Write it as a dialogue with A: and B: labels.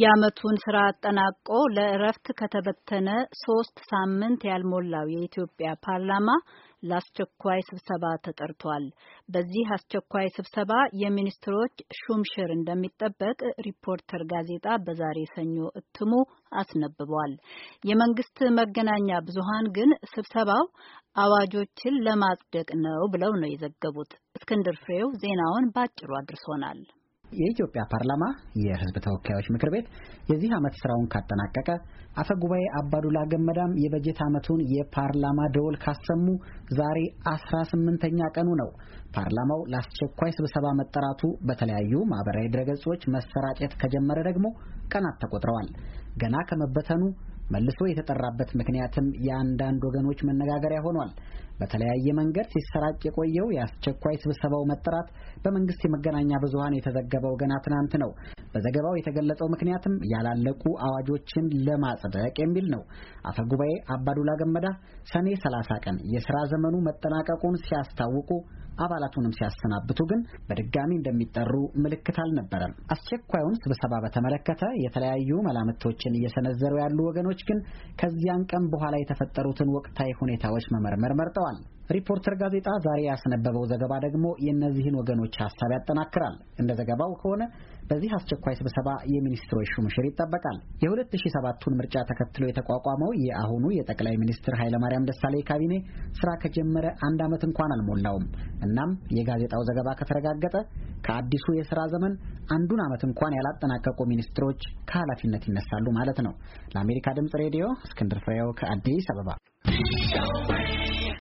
A: የዓመቱን ስራ አጠናቆ ለእረፍት ከተበተነ ሶስት ሳምንት ያልሞላው የኢትዮጵያ ፓርላማ ለአስቸኳይ ስብሰባ ተጠርቷል። በዚህ አስቸኳይ ስብሰባ የሚኒስትሮች ሹምሽር እንደሚጠበቅ ሪፖርተር ጋዜጣ በዛሬ ሰኞ እትሙ አስነብቧል። የመንግስት መገናኛ ብዙሃን ግን ስብሰባው አዋጆችን ለማጽደቅ ነው ብለው ነው የዘገቡት። እስክንድር ፍሬው ዜናውን ባጭሩ አድርሶናል። የኢትዮጵያ
B: ፓርላማ የሕዝብ ተወካዮች ምክር ቤት የዚህ ዓመት ስራውን ካጠናቀቀ አፈ ጉባኤ አባዱላ ገመዳም የበጀት ዓመቱን የፓርላማ ደወል ካሰሙ ዛሬ አስራ ስምንተኛ ቀኑ ነው። ፓርላማው ለአስቸኳይ ስብሰባ መጠራቱ በተለያዩ ማህበራዊ ድረገጾች መሰራጨት ከጀመረ ደግሞ ቀናት ተቆጥረዋል። ገና ከመበተኑ መልሶ የተጠራበት ምክንያትም የአንዳንድ ወገኖች መነጋገሪያ ሆኗል። በተለያየ መንገድ ሲሰራጭ የቆየው የአስቸኳይ ስብሰባው መጠራት በመንግስት የመገናኛ ብዙሃን የተዘገበው ገና ትናንት ነው። በዘገባው የተገለጸው ምክንያትም ያላለቁ አዋጆችን ለማጽደቅ የሚል ነው። አፈ ጉባኤ አባዱላ ገመዳ ሰኔ 30 ቀን የስራ ዘመኑ መጠናቀቁን ሲያስታውቁ አባላቱንም ሲያሰናብቱ ግን በድጋሚ እንደሚጠሩ ምልክት አልነበረም። አስቸኳዩን ስብሰባ በተመለከተ የተለያዩ መላምቶችን እየሰነዘሩ ያሉ ወገኖች ግን ከዚያን ቀን በኋላ የተፈጠሩትን ወቅታዊ ሁኔታዎች መመርመር መርጠዋል። ሪፖርተር ጋዜጣ ዛሬ ያስነበበው ዘገባ ደግሞ የእነዚህን ወገኖች ሀሳብ ያጠናክራል። እንደ ዘገባው ከሆነ በዚህ አስቸኳይ ስብሰባ የሚኒስትሮች ሹምሽር ይጠበቃል። የ2007ቱን ምርጫ ተከትሎ የተቋቋመው የአሁኑ የጠቅላይ ሚኒስትር ኃይለማርያም ደሳለኝ ካቢኔ ስራ ከጀመረ አንድ ዓመት እንኳን አልሞላውም። እናም የጋዜጣው ዘገባ ከተረጋገጠ ከአዲሱ የስራ ዘመን አንዱን ዓመት እንኳን ያላጠናቀቁ ሚኒስትሮች ከኃላፊነት ይነሳሉ ማለት ነው። ለአሜሪካ ድምጽ ሬዲዮ እስክንድር ፍሬው ከአዲስ አበባ